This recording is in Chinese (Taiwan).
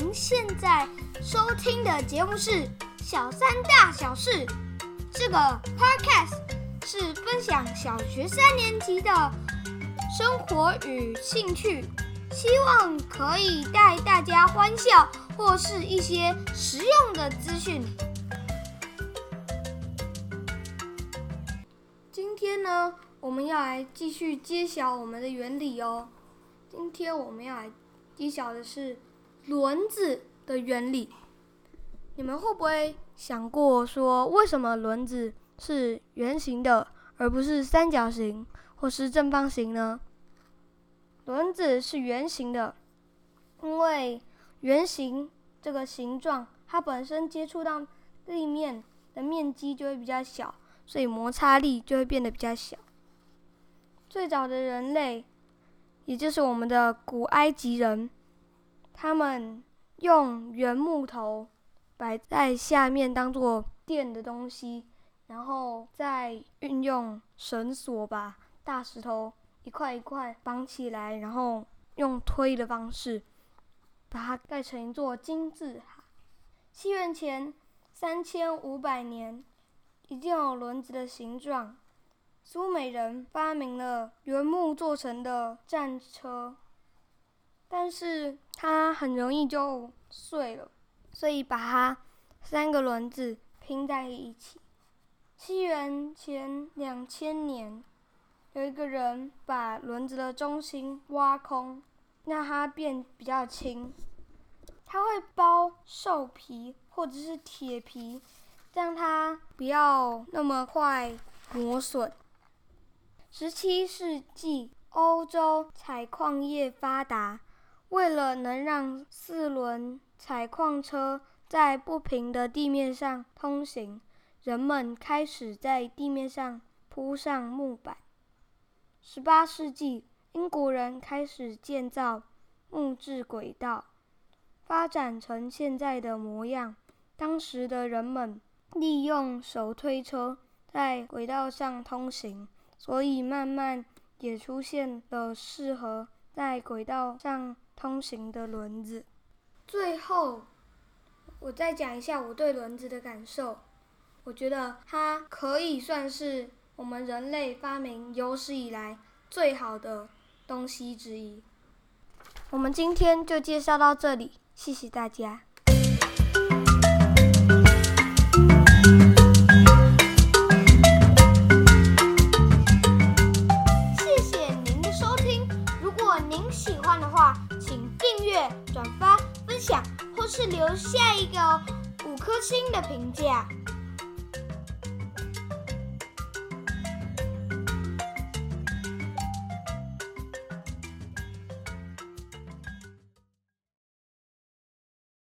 您現在收聽的節目是《小三大小事》，這個 podcast 是分享小學三年級的生活與興趣，希望可以帶大家歡笑，或是一些實用的資訊。今天呢，我們要來繼續揭曉我們的原理哦。今天我們要來揭曉的是。輪子的原理，你們會不會想過說，為什麼輪子是圓形的，而不是三角形或是正方形呢？輪子是圓形的，因為圓形這個形狀，它本身接觸到地面的面積就會比較小，所以摩擦力就會變得比較小。最早的人類，也就是我們的古埃及人。他們用原木頭擺在下面當做墊的東西，然後再運用繩索把大石頭一塊一塊綁起來，然後用推的方式把它蓋成一座金字塔。西元前三千五百年，已經有輪子的形狀。蘇美人發明了原木做成的戰車。但是它很容易就碎了，所以把它三個輪子拼在一起。西元前兩千年，有一個人把輪子的中心挖空，讓它變比較輕。它會包獸皮或者是鐵皮，讓它不要那麼快磨損。十七世紀，歐洲採礦業發達。為了能讓四輪採礦車在不平的地面上通行，人們開始在地面上鋪上木板。十八世紀，英國人開始建造木質軌道，發展成現在的模樣。當時的人們利用手推車在軌道上通行，所以慢慢也出現了適合在軌道上。通行的輪子。最後，我再講一下我對輪子的感受。我覺得它可以算是我們人類發明有史以來最好的東西之一。我們今天就介紹到這裡，謝謝大家。您喜歡的話，請訂閱、轉發、分享，或是留下一個五顆星的評價。